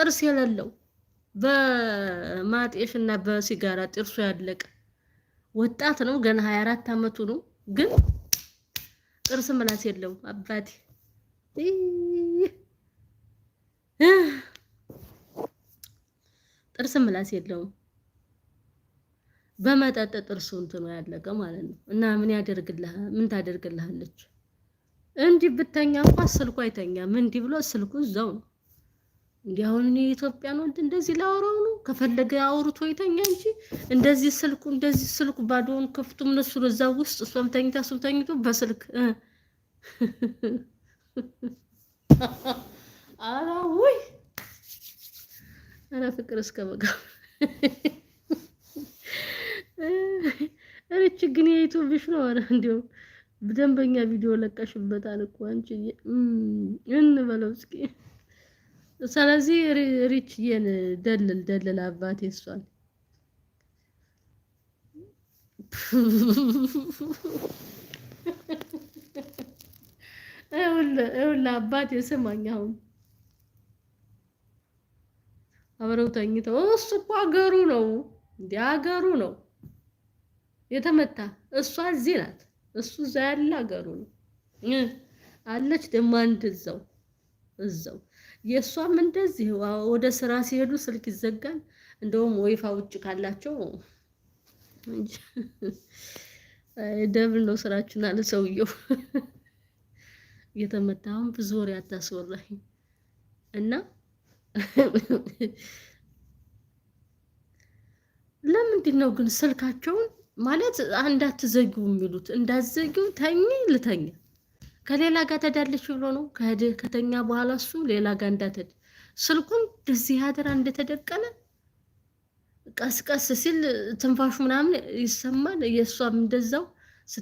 ጥርስ የሌለው በማጤሽ እና በሲጋራ ጥርሱ ያለቀ ወጣት ነው። ገና 24 አመቱ ነው። ግን ጥርስ ምላስ የለው አባቴ ጥርስ ምላስ የለውም። በመጠጥ ጥርሱ እንትኑ ያለቀ ማለት ነው። እና ምን ያደርግልህ? ምን ታደርግልሃለች? እንዲህ ብተኛ እንኳን ስልኩ አይተኛም። እንዲህ ብሎ ስልኩ እዛው ነው። እንዲህ አሁን እኔ የኢትዮጵያን ወንድ እንደዚህ ላወራው ነው? ከፈለገ አውርቶ ይተኛ እንጂ እንደዚህ ስልኩ እንደዚህ ስልኩ ባዶውን ክፍቱም እነሱ እዛ ውስጥ እሷም ተኝታ እሱም ተኝቶ በስልክ ኧረ ውይ ኧረ ፍቅር እስከ በጋ እርች ግን የዩቱብሽ ነው። አረ እንዲያውም ደንበኛ ቪዲዮ ለቀሽበታል እኮ አንቺ እንበለው እስኪ ስለዚህ ሪችዬን ደልል ደልል አባቴ እሷን ውላ አባቴ ስማኝ፣ አሁን አብረው ተኝተው እሱ እኮ ነው እንደ ሀገሩ ነው የተመታ እሷ እዚህ ናት፣ እሱ እዛ ያለ ሀገሩ ነው አለች ደግሞ አንድ እዛው እዛው የእሷም እንደዚህ ወደ ስራ ሲሄዱ ስልክ ይዘጋል። እንደውም ወይፋ ውጭ ካላቸው ደብል ነው ስራችን አለ ሰውየው። የተመታውን ብዙ ወሬ አታስወራኝ እና ለምንድን ነው ግን ስልካቸውን ማለት አንዳትዘጊው የሚሉት? እንዳትዘጊው ተኝ ልተኛ ከሌላ ጋር ተዳለች ብሎ ነው ከተኛ በኋላ እሱ ሌላ ጋር እንዳትሄድ ስልኩን እዚህ አደራ እንደተደቀነ ቀስቀስ ሲል ትንፋሹ ምናምን ይሰማል። የእሷም እንደዛው